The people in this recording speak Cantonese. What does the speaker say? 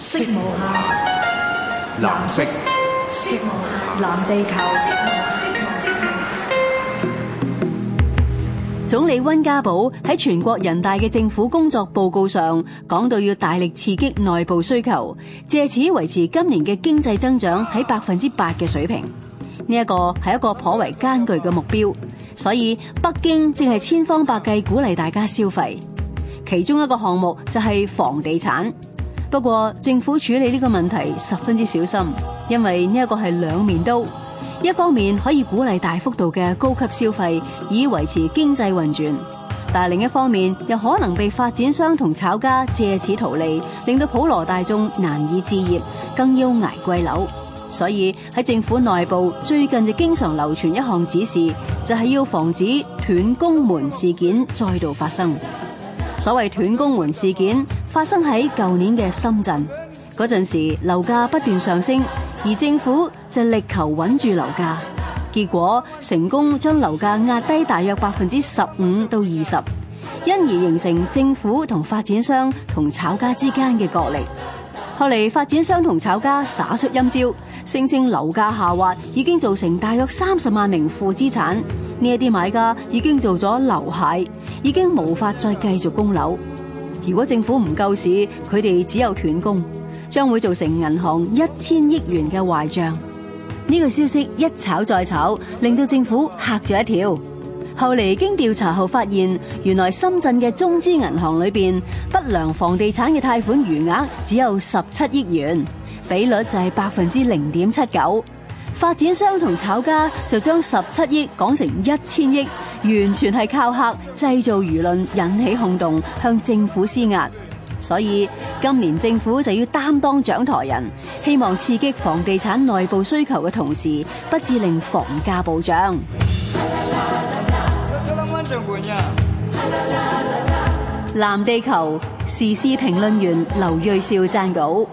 色無暇，藍色。色無暇，藍地球。總理溫家寶喺全國人大嘅政府工作報告上講到，要大力刺激內部需求，借此維持今年嘅經濟增長喺百分之八嘅水平。呢一個係一個頗為艱巨嘅目標，所以北京正係千方百計鼓勵大家消費。其中一個項目就係房地產。不過政府處理呢個問題十分之小心，因為呢一個係兩面刀，一方面可以鼓勵大幅度嘅高級消費以維持經濟運轉，但另一方面又可能被發展商同炒家借此圖利，令到普羅大眾難以置業，更要挨貴樓所以喺政府內部最近就經常流傳一項指示，就係要防止斷供門事件再度發生。所謂斷供門事件發生喺舊年嘅深圳，嗰陣時，樓價不斷上升，而政府就力求穩住樓價，結果成功將樓價壓低大約百分之十五到二十，因而形成政府同發展商同炒家之間嘅角力。後嚟，發展商同炒家耍出陰招，聲稱樓價下滑已經造成大約三十萬名負資產，呢一啲買家已經做咗樓蟹，已經無法再繼續供樓。如果政府唔救市，佢哋只有斷供，將會造成銀行一千億元嘅壞帳。呢、呢個消息一炒再炒，令到政府嚇咗一跳。後嚟經調查後發現，原來深圳嘅中資銀行裏邊不良房地產嘅貸款餘額只有十七億元，比率就係百分之零點七九。發展商同炒家就將十七億講成一千億，完全係靠客製造輿論引起轟動，向政府施壓。所以今年政府就要擔當掌舵人，希望刺激房地產內部需求嘅同時，不致令房價暴漲。藍地球時事評論員劉銳紹撰稿。